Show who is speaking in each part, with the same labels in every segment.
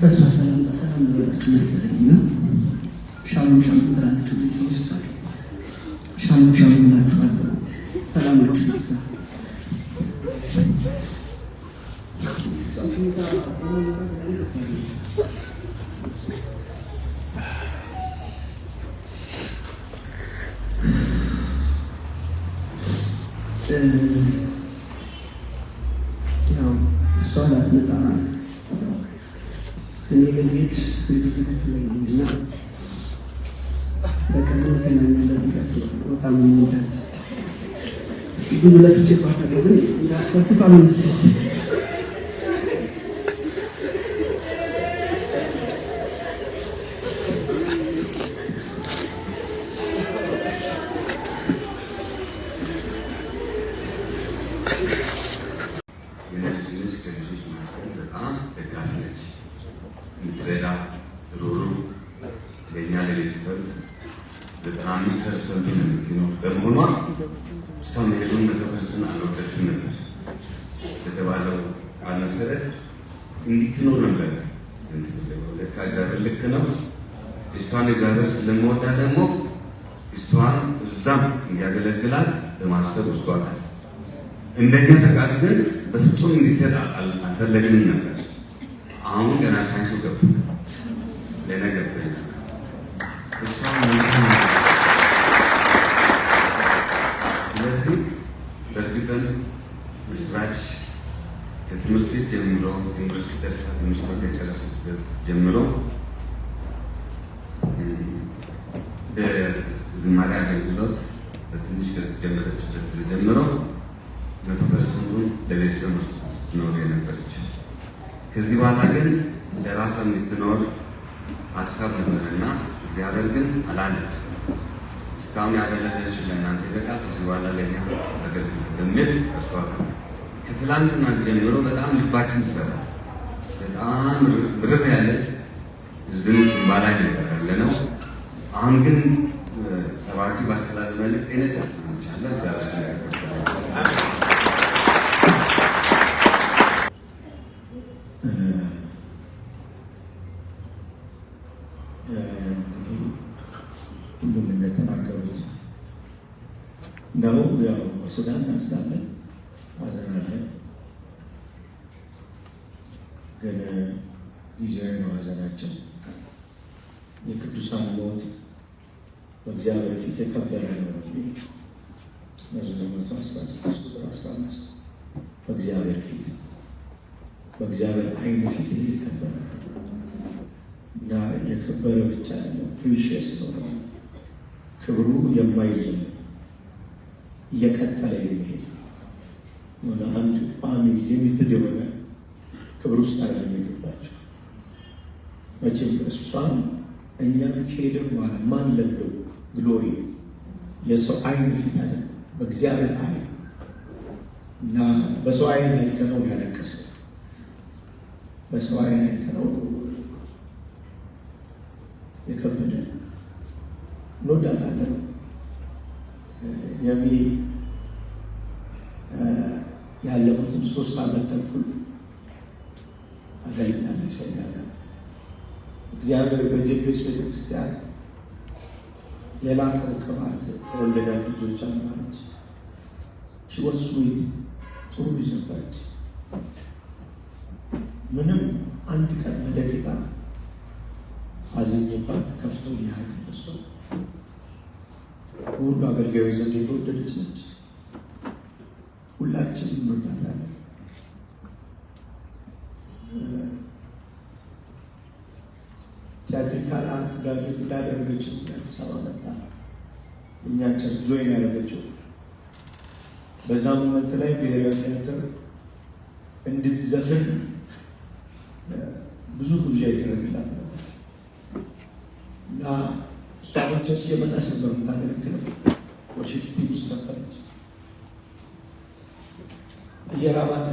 Speaker 1: በእሷ ሰላም በሰላም ኖራችሁ መሰለኝ እና ሻሎም ሻሎም ትላላችሁ ሰው ስታል ሻሎም ሻሎም তামিল মিলটা এগুলো কিছু কথা বলে রাস্তা তো তামিল
Speaker 2: እንደኛ ተቃቅደን በፍጹም እንዲትሄድ አልፈለግንም ነበር። አሁን ገና ሳይንሱ ገብ ስለዚህ በእርግጥም ምስራች ከትምህርት ቤት ጀምሮ ዩኒቨርሲቲ ደርሳ ትምህርት ከጨረሰበት ጀምሮ በዝማሬ አገልግሎት በትንሽ ጀመረችበት ጀምሮ በቤተሰብ ውስጥ ስትኖር የነበረች ከዚህ በኋላ ግን ለራሷ የምትኖር ሀሳብ ነበርና እግዚአብሔር ግን አላለ። እስካሁን ያገለለች ለእናንተ ይበቃል፣ ከዚህ በኋላ ለኛ አገልግል በሚል እርሷል። ከትላንትና ጀምሮ በጣም ልባችን ትሰራ በጣም ርር ያለ ዝም ባላይ ነበር ያለ ነው። አሁን ግን ሰባኪ ባስተላለፍ መልእክት አይነት ያስተናቻለ እግዚአብሔር
Speaker 1: ነው ያው በሱዳን አንስታለን አዘናለን። ግን ጊዜያዊ ነው ሐዘናቸው። የቅዱሳን ሞት በእግዚአብሔር ፊት የከበረ ነው በሚል መዝሙር መቶ አስራ ስድስት ቁጥር አስራ አምስት በእግዚአብሔር ፊት በእግዚአብሔር ዓይን ፊት ይሄ የከበረ እና የከበረ ብቻ ነው ፕሪሽስ ነው ክብሩ የማይለይ እየቀጠለ የሚሄድ ወደ አንድ ቋሚ ሊሚትድ የሆነ ክብር ውስጥ አለ የሚገባቸው መቼም እሷን እኛም ከሄድን በኋላ ማን ለለው ግሎሪ የሰው አይን ፊት አለ በእግዚአብሔር አይን እና በሰው አይን አይተነው ያለቀሰ በሰው አይን አይተነው በእግዚአብሔር በጀግኖች ቤተክርስቲያን የላቀው ቅባት ተወለዳ ልጆች አማረች። ሽወስዊት ጥሩ ልጅ ምንም አንድ ቀን ለደቂቃ አዝኝባት ከፍቶ ያህል ደሷ በሁሉ አገልጋዮች ዘንድ የተወደደች ነች። ሁላችንም እንወዳታለን። ቲያትሪካል አርት ግራጁዌት እንዳደረገችው አዲስ አበባ መጣ እኛ ቸርች ጆይን ያደረገችው። በዛ ሞመንት ላይ ብሔራዊ ቲያትር እንድትዘፍን ብዙ ግብዣ ይደረግላት ነው እና እሷ ቸርች የመጣች ነበር የምታገለግለው ወርሺፕ ቲም ውስጥ ነበረች የራባት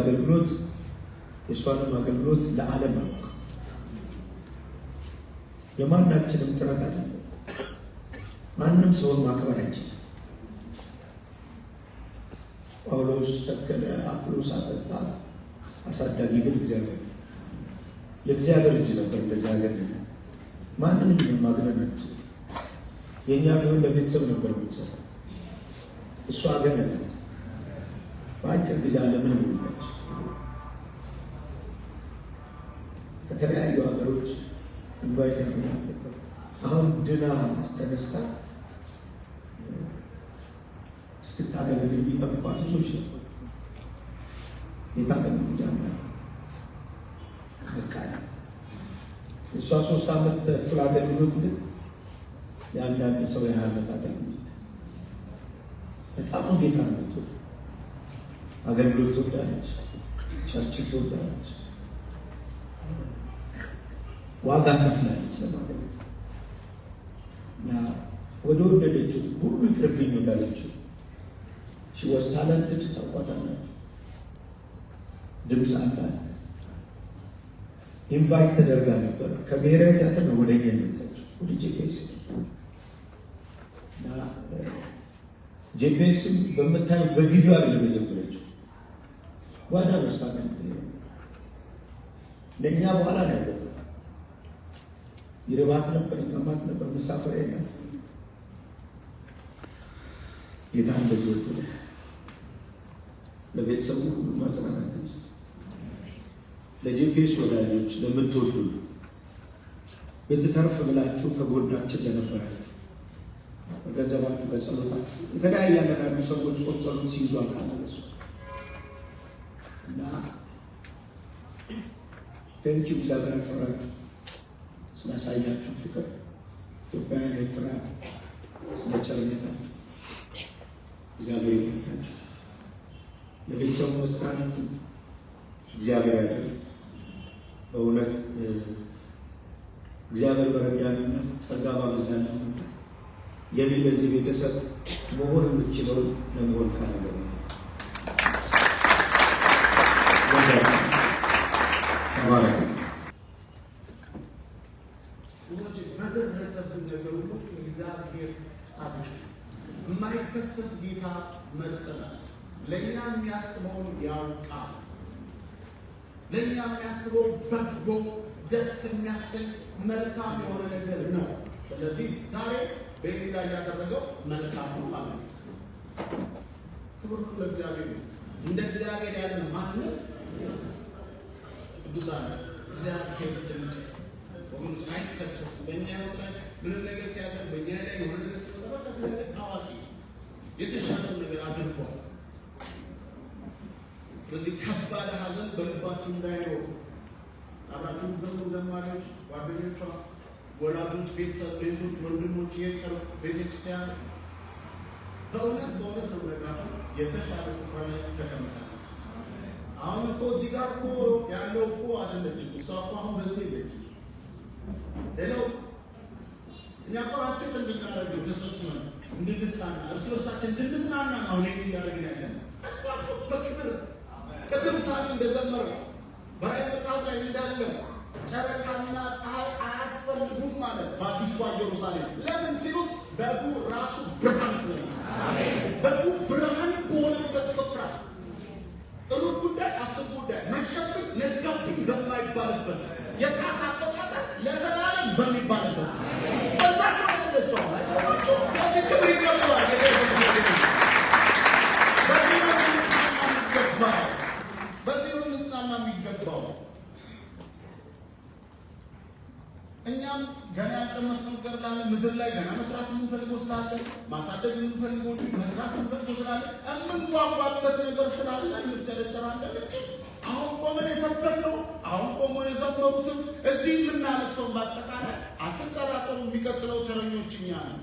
Speaker 1: አገልግሎት የእሷንም አገልግሎት ለዓለም አውቅ የማናችንም ጥረት አለ። ማንም ሰውን ማክበር አይችልም። ጳውሎስ ተከለ፣ አጵሎስ አጠጣ፣ አሳዳጊ ግን እግዚአብሔር የእግዚአብሔር እጅ ነበር። እንደዚህ ሀገር ማንም እንዲህ ማግነን አችል የእኛ ቢሆን ለቤተሰብ ነበር ምሰራ እሷ ሀገር ነበር በአጭር ጊዜ ዓለምን ሞላች። ከተለያዩ ሀገሮች ኢንቫይት ነበር። አሁን ድና ስተነስታ እስክታገለግል የሚጠብቋት ብዙዎች ነበር። የታገሉ ጃና አልቃለ እሷ ሶስት ዓመት ተኩል አገልግሎት ግን የአንዳንድ ሰው የሀያ ዓመት አገልግሎት በጣም ጌታ ነው። አገልግሎት ትወዳለች፣ ቸርችን ትወዳለች፣ ዋጋ ከፍላለች ለማገልገል ወደ ወደደችው ሁሉ ይቅርብኝ ወዳለችው ሲወስ ታለንትድ ታውቋታላችሁ። ድምፅ አላት። ኢንቫይት ተደርጋ ነበር ከብሔራዊ ቲያትር ነው ወደ ገኝታች ወደ ጄፒኤስ ጄፒኤስን በምታዩ በቪዲዮ አለ መጀመ ዋና መስታቀ ለእኛ በኋላ ነው ያለው። ይርባት ነበር፣ ይጠማት ነበር፣ መሳፈር የላት። ጌታ እንደዚህ ወ ለቤተሰቡ ሁሉ ማጽናናት ስ ለጂፒኤስ ወዳጆች ለምትወዱ ብትተርፍ ብላችሁ ከጎናችን ለነበራችሁ በገንዘባችሁ በጸሎታችሁ የተለያየ ያለቃሉ ሰዎች ጾም ጸሎት ሲይዙ አቃለሱ እና ቴንኪ እግዚአብሔር ያከብራችሁ ስላሳያችሁ ፍቅር ኢትዮጵያን ኤርትራ ስለ ቸርነታችሁ እግዚአብሔር ይመልካችሁ። ለቤተሰቡ መስካናት እግዚአብሔር ያደር በእውነት እግዚአብሔር በረዳንና ጸጋ ባበዛን የሚል ለዚህ ቤተሰብ መሆን የምትችለውን ለመሆን ካላገባ
Speaker 3: ለእኛ የሚያስበውን ያውቃል። ለእኛ የሚያስበው በጎ ደስ የሚያሰኝ መልካም የሆነ ነገር ነው። ስለዚህ ዛሬ በይህ ላይ ያደረገው መልካም ነው ማለት ነው። ክብር ለእግዚአብሔር ነው። እንደ እግዚአብሔር ያለ ማንም ቅዱሳን እግዚአብሔር ትልቅ ወገኖች አይከሰስም። በእኛ ህይወት ላይ ምንም ነገር ሲያደርግ፣ በእኛ ላይ የሆነ ነገር ሲወጣ በቃ አዋቂ የተሻለው ነገር አድርጓል። ስለዚህ ከባድ ሀዘን በልባችሁ እንዳይኖር አብራችሁ የምትዘምሩ ዘማሪዎች፣ ጓደኞቿ፣ ወላጆች፣ ቤተሰብ፣ ቤቶች፣ ወንድሞች፣ የቅርብ ቤተክርስቲያን በእውነት በእውነት ነው ነግራችሁ የተሻለ ስፍራ ላይ ተቀምጣለች። አሁን እኮ እዚህ ጋር እኮ ያለው እኮ አይደለችም እሷ እኮ አሁን በዚህ የለች። ሌላው እኛ እኮ ሀሴት እንድናደርገው ተሰብስበን እንድንጽናና እርስ በርሳችን እንድንጽናና አሁን እያደረግን ያለ እሷ እኮ በቅ ሰዓት እንደዘመረ በራዕይ መጽሐፍ ላይ እንዳለ ጨረቃና ፀሐይ አያስፈልጉም ማለት በአዲስቷ ኢየሩሳሌም ለምን ሲሉት በጉ ራሱ ብርሃን ስለሆነ በጉ የምናፍርበት ስላለ የምንጓጓበት ነገር ስላለ እንፍጨረጨራለን። አሁን ቆመን የሰበክነው አሁን ቆሞ የዘመሩትም እዚህ የምናለቅሰው በአጠቃላይ አትጠራጠሩ፣ የሚቀጥለው ተረኞች እኛ ነው።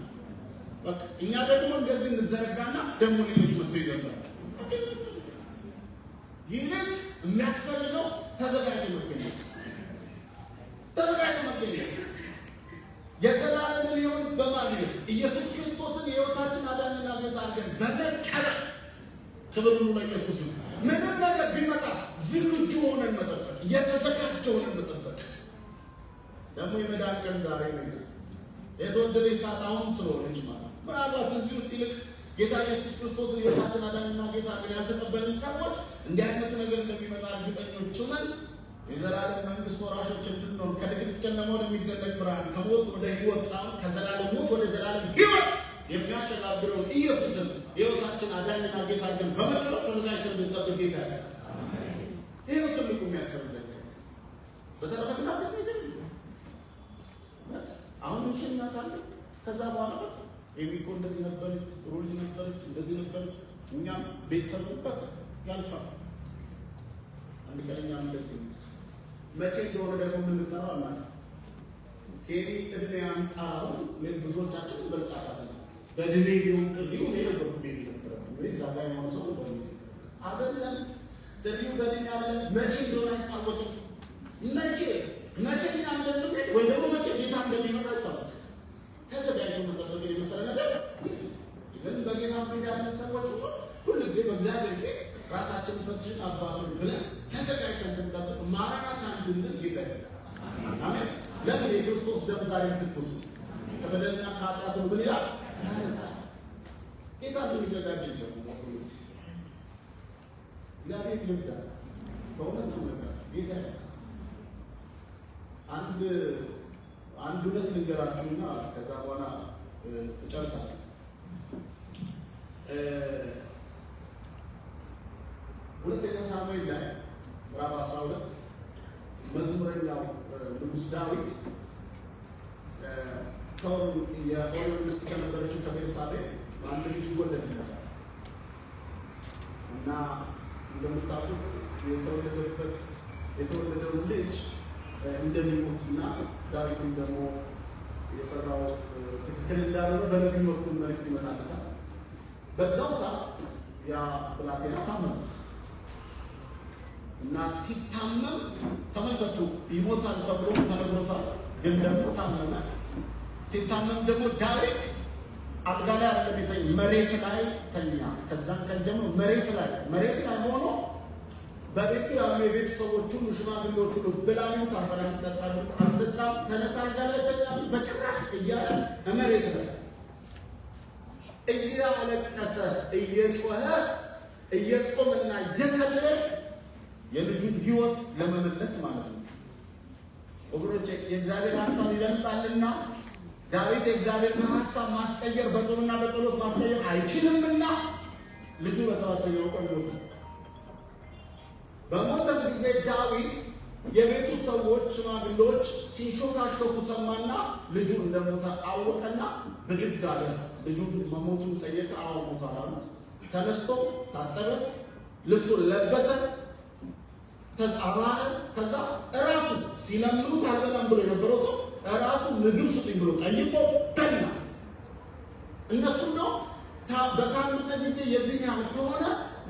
Speaker 3: እኛ ደግሞ እንደዚህ እንዘረጋና ደግሞ ሌሎች መጥቶ ይዘምራል። ይህንን የሚያስፈልገው ተዘጋጅ መገኘት ተዘጋጅ መገኘት የተላለለ ሊሆን በማግኘት ኢየሱስ ክርስቶስን የህይወታችን አዳንና ጌታ አድርገን በመቀበል ክብር ሁሉ ለኢየሱስ ነው። ምንም ነገር ቢመጣ ዝግጁ ሆነን መጠበቅ፣ የተዘጋጀ ሆነን መጠበቅ። ደግሞ የመዳን ቀን ዛሬ ነው። የተወደደ ሰዓት አሁን ስለሆነ እንጂ ማለት ምናልባት እዚህ ውስጥ ይልቅ ጌታ ኢየሱስ ክርስቶስ የሕይወታችን አዳንና ጌታ አድርገን ያልተቀበልን ሰዎች እንዲህ አይነት ነገር እንደሚመጣ እርግጠኞች ሆነን የዘላለም መንግስት ወራሾች እንድንሆን ከድቅድቅ ጨለማ ወደሚደነቅ ብርሃን ከሞት ወደ ህይወት ሳይሆን ከዘላለም ሞት ወደ ዘላለም ህይወት የሚያሸጋግረው ኢየሱስን ህይወታችን አዳኝና ጌታችን በመቅረብ ተዘጋጅተን እንድንጠብቅ ጌታ ያለ ይህ ትልቁ የሚያስፈልገን በተረፈ ግን አዲስ ነገር አሁን እንሽ እናታለ ከዛ በኋላ የሚኮ እንደዚህ ነበረች፣ ጥሩ ልጅ ነበረች፣ እንደዚህ ነበረች። እኛም ቤተሰብ ነበር ያልፋል። አንድ ቀን እኛም እንደዚህ መቼ እንደሆነ ደግሞ የምንጠራው አናውቅም። ሄሪ እድሜ አንጻር ወይም ብዙዎቻችን በልጣፋት በድሜ ቢሆን ጥሪው እኔ ነበር ቤቢ ነበረ ወይ ዛጋ የሆነ ሰው ነበር አደለም። ጥሪው በድሜ አለ መቼ እንደሆነ አይታወቅም። መቼ መቼ እኛ እንደምንሄድ ወይ ደግሞ መቼ ጌታ እንደሚመጣ አይታወቅም። ተዘጋጅቶ መጠበቅ የመሰለ ነገር ግን በጌታ ምንዳለን ሰዎች ሁሉ ጊዜ በእግዚአብሔር ፊት ራሳችን ፈትሽ አባቱን ብለን ተሰቃይተን እንደምጠብቅ ማራናታ እንድንል ይጠቅማል። አሜን። ለምን የክርስቶስ ደም ዛሬም ትኩስ ከበደልና ከኃጢአቱ ምን ይላል? ያነሳል። ጌታ የሚዘጋጅ ይችላል። እግዚአብሔር ይወዳል። በእውነት ነው ነገር ጌታ አንድ አንድ ሁለት ልንገራችሁና ከዛ በኋላ እጨርሳለሁ። ሁለተኛ ሳሙኤል ላይ ምዕራፍ 12 መዝሙረኛው ንጉሥ ዳዊት የኦሪዮ ከነበረችው ከቤርሳቤ አንድ ልጅ ወለድ እና እንደምታውቁት የተወለደበት የተወለደው ልጅ እንደሚሞት እና ዳዊትም ደግሞ የሰራው ትክክል እንዳልሆነ በነቢዩ በኩል መልዕክት ይመጣለታል። በዛው ሰዓት ያ ብላቴና ታመመ። እና ሲታመም ተመልከቱ፣ ይሞታል ተብሎ ተነግሮታል። ግን ደግሞ ታመመ። ሲታመም ደግሞ ዳዊት አልጋ ላይ አለቤተኝ መሬት ላይ ተኛ። ከዛን ቀን ደግሞ መሬት ላይ መሬት ላይ ሆኖ በቤቱ ያሉ የቤተሰቦቹን ሽማግሌዎቹ ብላሚ ታፈራ ጠጣሉ አንጥጣ ተነሳ አልጋ ላይ ተኛ በጭራሽ እያለ መሬት ላይ እያለቀሰ እየጮኸ እየጾምና እየተለየ የልጁን ህይወት ለመመለስ ማለት ነው። ወገኖቼ የእግዚአብሔር ሀሳብ ይበልጣልና ዳዊት የእግዚአብሔርን ሀሳብ ማስቀየር በጾምና በጸሎት ማስቀየር አይችልምና ልጁ በሰባተኛው ቀን ሞተ። በሞተ ጊዜ ዳዊት የቤቱ ሰዎች ሽማግሌዎች ሲሾካሾኩ ሰማና ልጁ እንደሞተ አወቀና ብድግ አለ። ልጁ መሞቱን ጠየቀ። አዎ ሞቷል አሉት። ተነስቶ ታጠበ፣ ልብሱን ለበሰ። ከዛ አባህን ከዛ ራሱ ሲለምኑት አልበላም ብሎ የነበረው ሰው ራሱ ምግብ ስጡኝ ብሎ ጠይቆ በላ። እነሱም ነው በታመመ ጊዜ የዚህ ያህል ከሆነ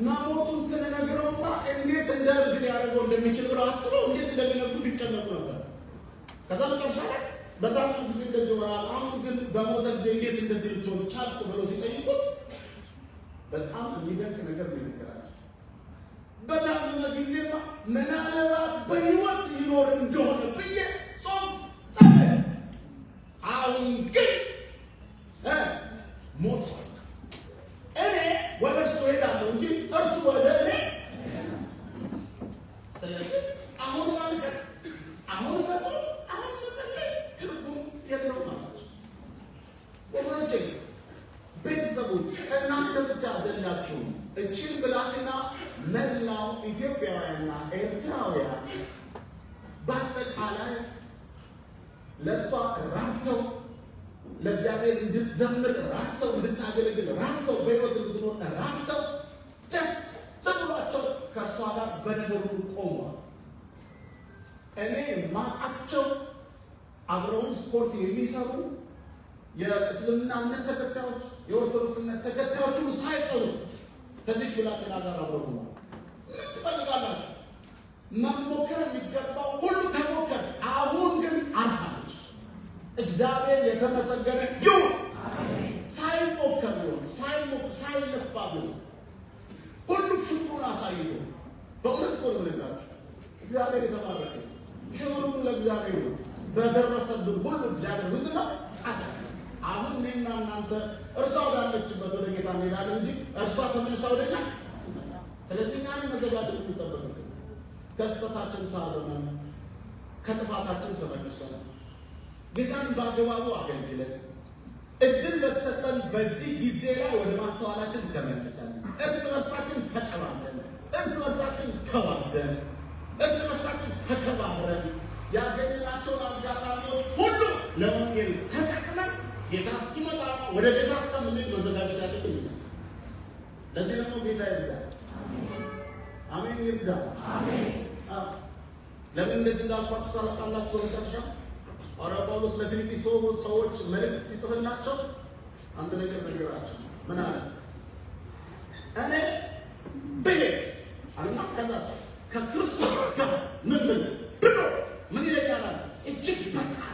Speaker 3: መሞቱን ስንነግረው እንኳ እንዴት እንደ እብድ ሊያደርገው እንደሚችል ብለው አስበው እንዴት እንደሚነግሩ ይጨነቁ ነበር። ከዛ መጨረሻ ላይ በታመመ ጊዜ እንደዚህ ይሆናል፣ አሁን ግን በሞተ ጊዜ እንዴት እንደዚህ ልትሆን ቻልኩ ብሎ ሲጠይቁት በጣም የሚደንቅ ነገር ነው ይነገራል። በታመመ ጊዜማ ምናልባት በህይወት ይኖር እንደሆነ ብዬ ጾም ጸለይ። አሁን ግን ሞቷል። መሞከር የሚገባው ሁሉ ተሞከር። አሁን ግን አልፋለች። እግዚአብሔር የተመሰገነ ይሁን። ሳይሞከር ቢሆን ሳይለፋ ቢሆን ሁሉ ፍቅሩን አሳይቶ በእውነት ቆ ምንላችሁ እግዚአብሔር የተባረከ ክብሩ ለእግዚአብሔር ነው። በደረሰብን ሁሉ እግዚአብሔር ምንድን ነው አሁን እኔና እናንተ እርሷ ወዳለችበት ወደ ጌታ እንሄዳለን እንጂ እርሷ ተመልሳ ወደኛ። ስለዚህ እኛን መዘጋጀት የሚጠበቅ ከስተታችን ታርመን ከጥፋታችን ተመልሰን ጌታን በአግባቡ አገልግለን እድል በተሰጠን በዚህ ጊዜ ላይ ወደ ማስተዋላችን ተመልሰን እርስ በርሳችን ተጠባለን፣ እርስ በርሳችን ተዋደን እርስ በርሳችን ተከባብረን ያገኘናቸውን አጋጣሚዎች ሁሉ ለወንጌል ተጠቅመን ጌታ እስኪመጣ ወደ ጌታ እስከምንል መዘጋጀት ያለብን። ለዚህ ደግሞ ጌታ ይርዳል። አሜን ይብዛ። ለምን እንደዚህ እንዳልኳችሁ ታውቃላችሁ። በመጨረሻ ሐዋርያው ጳውሎስ ለፊልጵስ ሰዎች መልእክት ሲጽፍላቸው አንድ ነገር ነገራቸው። ምን አለ? እኔ ብሄድ አልና ከዛ ከክርስቶስ ጋር ምን ምን ብሎ ምን ይለኛል? እጅግ በጣም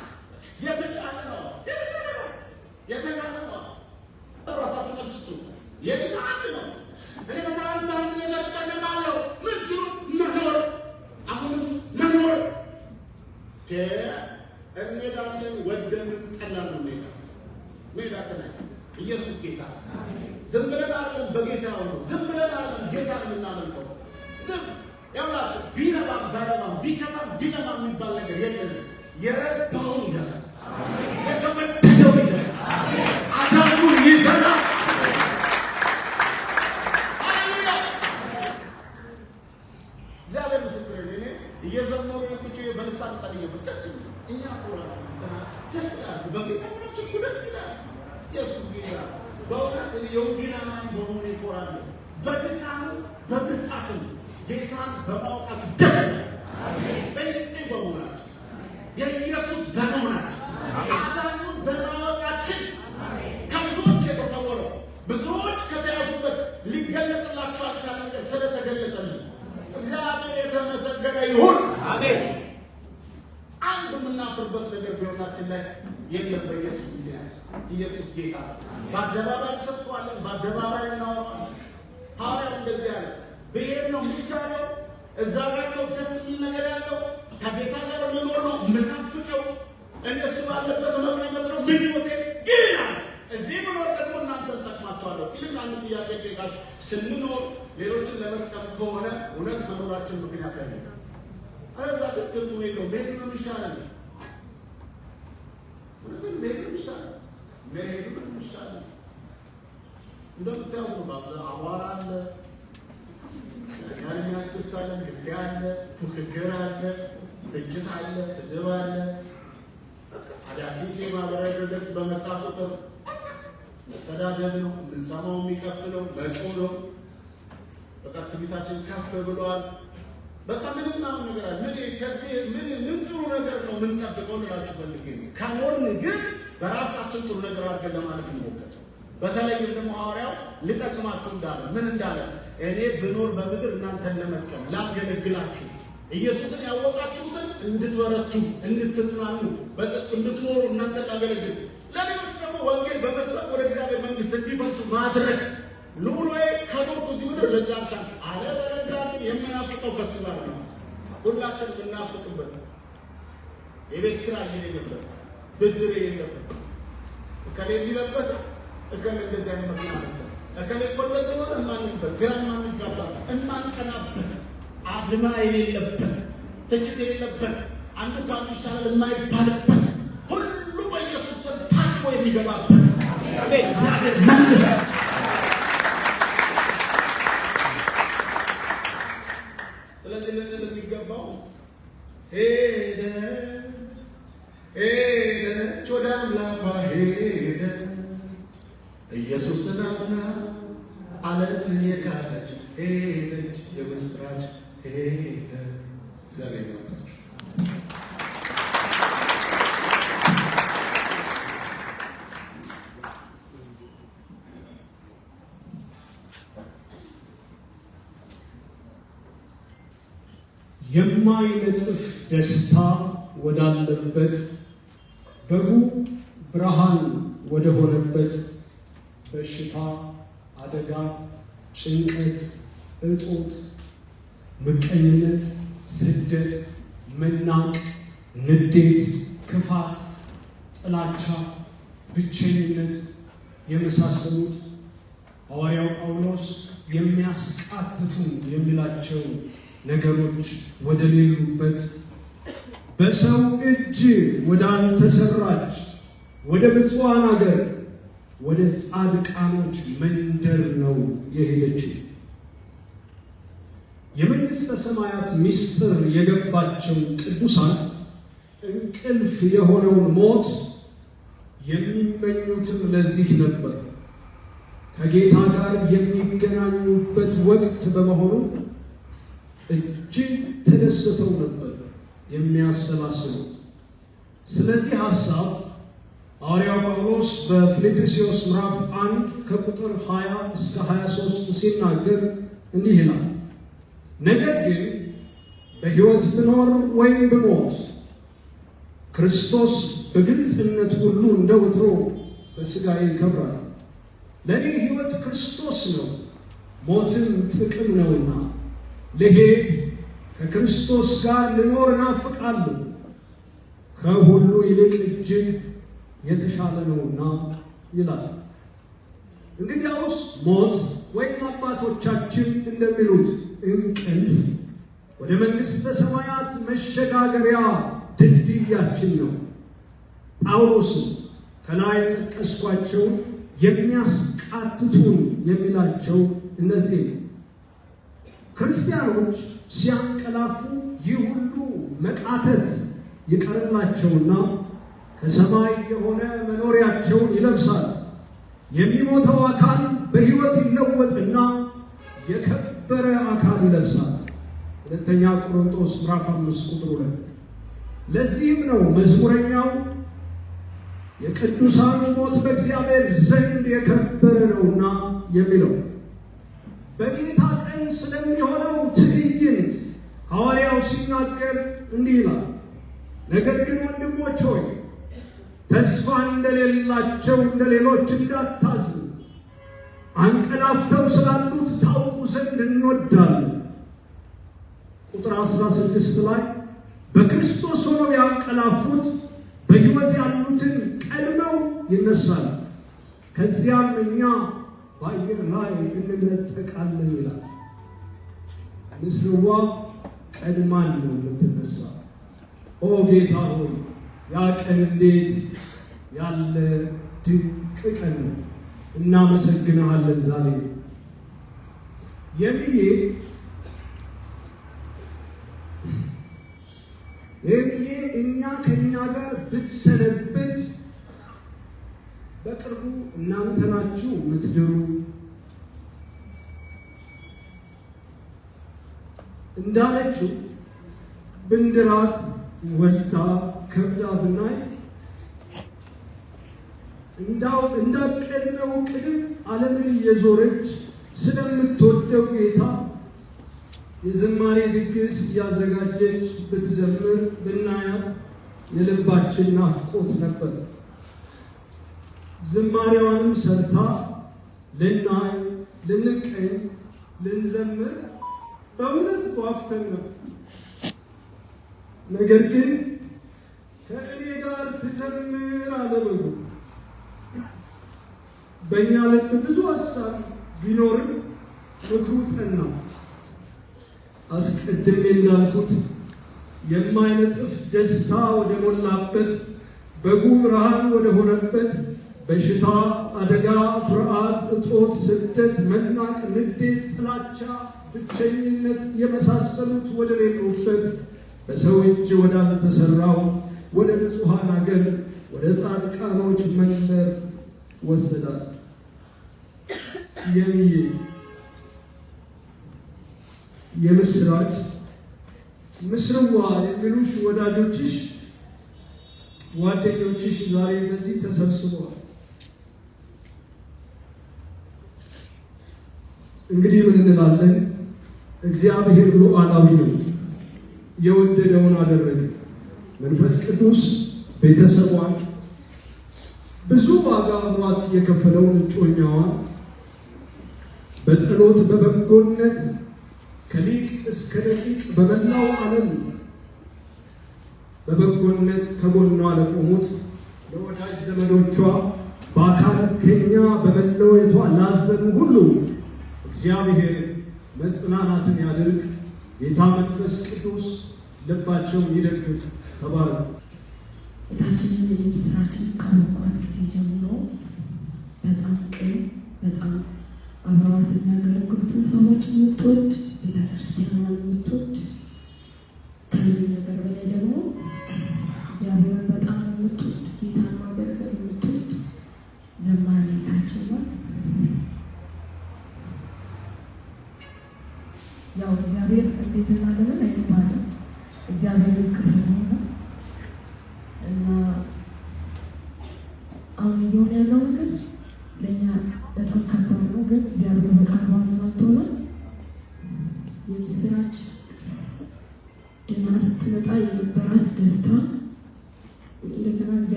Speaker 3: bir zaman müdahale ediyor. Yere dağılmayacak. ብሄድ ነው የሚቻለው። እዛ ጋር ነው ደስ የሚል ነገር ያለው። ከጌታ ጋር መኖር ነው ምናፍቀው። እነሱ ባለበት መቅመጥ ነው ምኞቴ። ግን እዚህ መኖር ደግሞ እናንተን ጠቅማቸዋለሁ። ይልም አንድ ጥያቄ ጌጋች ስንኖር ሌሎችን ለመጥቀም ከሆነ እውነት መኖራችን ምክንያት ያለ አዛ ትክክል ሁኔታው መሄድ ነው የሚሻለን። እውነትን መሄድ ነው የሚሻለን። መሄድ ነው የሚሻለን። እንደምታያዝ ነው አቧራ አለ እኛን የሚያስደስታለን ጊዜ አለ፣ ፉክክር አለ፣ ትችት አለ፣ ስድብ አለ። አዳዲስ የማህበራዊ ድረገጽ በመጣ ቁጥር መሰዳደብ ነው የምንሰማው፣ የሚከፍለው መጮ ነው። በቃ ትቢታችን ከፍ ብለዋል። በቃ ምንም ማም ነገር አለ ምን ከዚ ምን ምን ጥሩ ነገር ነው የምንጠብቀው ልላችሁ ፈልግ ከሞን ግን በራሳችን ጥሩ ነገር አድርገን ለማለት እንሞከር። በተለይም ደግሞ ሐዋርያው ልጠቅማችሁ እንዳለ ምን እንዳለ እኔ ብኖር በምድር እናንተን ለመጥቀም ላገለግላችሁ ኢየሱስን ያወቃችሁትን እንድትበረቱ እንድትጽናኑ በጽድቅ እንድትኖሩ እናንተ ላገለግል ለሌሎች ደግሞ ወንጌል በመስጠት ወደ እግዚአብሔር መንግስት እንዲፈልሱ ማድረግ ኑሮዬ ከኖርኩ እዚህ ምድር ለዛ ብቻ አለ። አለበለዚያ ግን የምናፍቀው በስዛት ነው። ሁላችን የምናፍቅበት የቤት ኪራይ የሌለበት ብድር የሌለበት እከሌ እንዲለበሰ እከሌ እንደዚህ አይነት መኪና ነበር ተከሌ ቆለዘ የሆነ የማንበት ግራ የማንጋባበት የማንቀናበት አድማ የሌለበት ትችት የሌለበት አንዱ ከአንዱ ይሻላል የማይባልበት ሁሉ በኢየሱስ ታጥቦ የሚገባበት እግዚአብሔር መንግስት ደስታ ወዳለበት በጉ ብርሃን ወደሆነበት በሽታ፣ አደጋ፣ ጭንቀት፣ እጦት፣ ምቀኝነት፣ ስደት፣ መናቅ፣ ንዴት፣ ክፋት፣ ጥላቻ፣ ብቸኝነት የመሳሰሉት ሐዋርያው ጳውሎስ የሚያስቃትቱ የሚላቸው ነገሮች ወደሌሉበት በሰው እጅ ወደ አልተሰራች ወደ ብፁዓን አገር ወደ ጻድቃኖች መንደር ነው የሄደችው። የመንግሥተ ሰማያት ምስጢር የገባቸው ቅዱሳን እንቅልፍ የሆነውን ሞት የሚመኙትም ለዚህ ነበር። ከጌታ ጋር የሚገናኙበት ወቅት በመሆኑ እጅግ ተደስተው ነበር። የሚያሰላስሉት። ስለዚህ ሀሳብ ሐዋርያው ጳውሎስ በፊልጵስዩስ ምዕራፍ አንድ ከቁጥር 20 እስከ 23 ሲናገር እንዲህ ይላል፣ ነገር ግን በሕይወት ብኖር ወይም ብሞት ክርስቶስ በግልጥነት ሁሉ እንደ ወትሮ በሥጋዬ ይከብራል። ለእኔ ሕይወት ክርስቶስ ነው፣ ሞትም ጥቅም ነውና ልሄድ ከክርስቶስ ጋር ልኖር እናፍቃለሁ። ከሁሉ ይልቅ እጅግ የተሻለ ነውና ይላል። እንግዲያውስ ሞት ወይም አባቶቻችን እንደሚሉት እንቅልፍ ወደ መንግሥተ ሰማያት መሸጋገሪያ ድልድያችን ነው። ጳውሎስም ከላይ ጠቀስኳቸው የሚያስቃትቱን የሚላቸው እነዚህ ነው። ክርስቲያኖች ሲያንቀላፉ ይህ ሁሉ መቃተት ይቀርላቸውና ከሰማይ የሆነ መኖሪያቸውን ይለብሳል። የሚሞተው አካል በሕይወት ይለወጥና የከበረ አካል ይለብሳል። ሁለተኛ ቆሮንቶስ ምዕራፍ አምስት ቁጥር ሁለት ለዚህም ነው መዝሙረኛው የቅዱሳን ሞት በእግዚአብሔር ዘንድ የከበረ ነውና የሚለው በጌታ ቀን ስለሚሆነው ሐዋርያው ሲናገር እንዲህ ይላል፣ ነገር ግን ወንድሞች ሆይ ተስፋ እንደሌላቸው እንደሌሎች ሌሎች እንዳታዝኑ፣ አንቀላፍተው ስላሉት ታውቁ ዘንድ እንወዳለን። ቁጥር 16 ላይ በክርስቶስ ሆነው ያንቀላፉት በሕይወት ያሉትን ቀድመው ይነሳል፣ ከዚያም እኛ በአየር ላይ እንነጠቃለን ይላል። ምስልዋ ቀድማን ነው የምትነሳ። ኦ ጌታ ሆይ ያ ቀን እንዴት ያለ ድንቅ ቀን ነው! እናመሰግንሃለን። ዛሬ የብዬ የብዬ እኛ ከኛ ጋር ብትሰነብት በቅርቡ እናንተ ናችሁ ምትድሩ እንዳለችው ብንድራት ወልታ ከብዳ ብናይ እንዳቀድነው ቅድም ዓለምን እየዞረች ስለምትወደው ጌታ የዝማሬ ድግስ እያዘጋጀች ብትዘምር ብናያት የልባችን ናፍቆት ነበር። ዝማሬዋንም ሰርታ ልናይ፣ ልንቀኝ፣ ልንዘምር በእውነት ጓጉተን ነው ነገር ግን ከእኔ ጋር ትዘምር አለበሉ። በእኛ ልብ ብዙ ሀሳብ ቢኖርም ምክሩ ነው አስቀድሜ እንዳልኩት የማይነጥፍ ደስታ ወደ ሞላበት በጉ ብርሃን ወደ ሆነበት በሽታ፣ አደጋ፣ ፍርሃት፣ እጦት፣ ስደት፣ መናቅ፣ ንዴት፣ ጥላቻ ብቸኝነት የመሳሰሉት ወደ ሌሉበት በሰው እጅ ወዳልተሰራው ወደ ንጹሐን አገር ወደ ጻድቃኖች መንደር ወስዳል። የሚዬ የምስራች ምስርዋ የሚሉሽ ወዳጆችሽ ጓደኞችሽ ዛሬ በዚህ ተሰብስበዋል። እንግዲህ ምን እንላለን? እግዚአብሔር ሉዓላዊ ነው፣ የወደደውን አደረገ። መንፈስ ቅዱስ ቤተሰቧን ብዙ ዋጋ የከፈለው የከፈለውን እጮኛዋን በጸሎት በበጎነት ከሊቅ እስከ ደቂቅ በመላው ዓለም በበጎነት ከጎኗ ለቆሙት ለወዳጅ ዘመዶቿ በአካል ከኛ በመለወቷ ላዘኑ ሁሉ እግዚአብሔር መጽናናትን ያድርግ። ጌታ መንፈስ ቅዱስ ልባቸውን ይደግፍ። ተባረኩ። ጌታችንን የምስራችን ካረባት ጊዜ ጀምሮ በጣም ቅን በጣም አብረዋት የሚያገለግሉትን ሰዎች የምትወድ ቤተክርስቲያን የምትወድ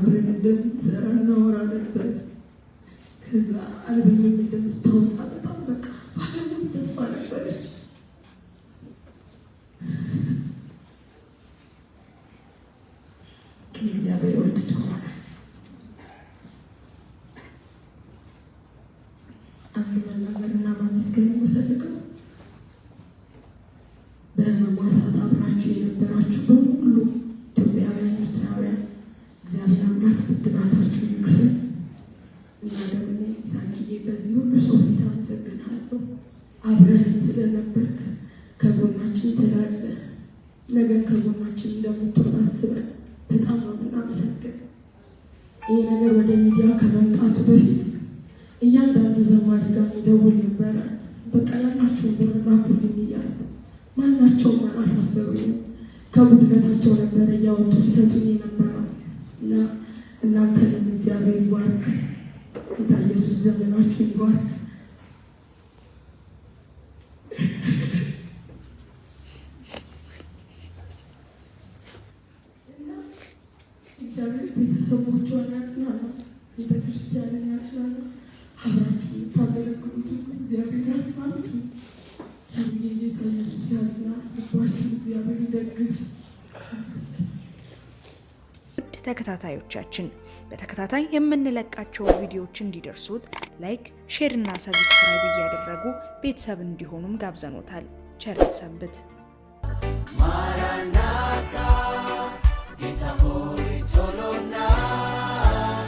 Speaker 3: አብረን እንደምንሰራ እናወራ ነበር። ከዛ አልበኝም እንደምታወጣ በጣም በቃ ባለሙሉ ተስፋ ነበረች። ከእግዚአብሔር ወድ ሆነ አንድ መናገርና ማመስገን የምፈልገው በመሟሳት አብራችሁ የነበራችሁ አብረህ ስለነበር ከጎናችን ስላለ ነገር ከጎናችን እንደምትሆን አስበን በጣም ነው የምናመሰግን። ይህ ነገር ወደ ሚዲያ ከመምጣቱ በፊት እያንዳንዱ ዘማሪ ጋር ደውል ነበረ። በቃ ያላችሁን ብር ላኩልኝ እያሉ ማናቸውም አላሳፈሩኝም። ከጉድለታቸው ነበረ እያወጡ ሲሰጡኝ የነበረው እና እናንተንም እግዚአብሔር ይባርክ። ጌታ ኢየሱስ ዘመናችሁ ይባርክ። ውድ ተከታታዮቻችን በተከታታይ የምንለቃቸው ቪዲዮዎች እንዲደርሱት ላይክ፣ ሼር እና ሰብስክራይብ እያደረጉ ቤተሰብ እንዲሆኑም ጋብዘኖታል። ቸር ሰንብት። ማራናታ ጌታ ሆይ ቶሎ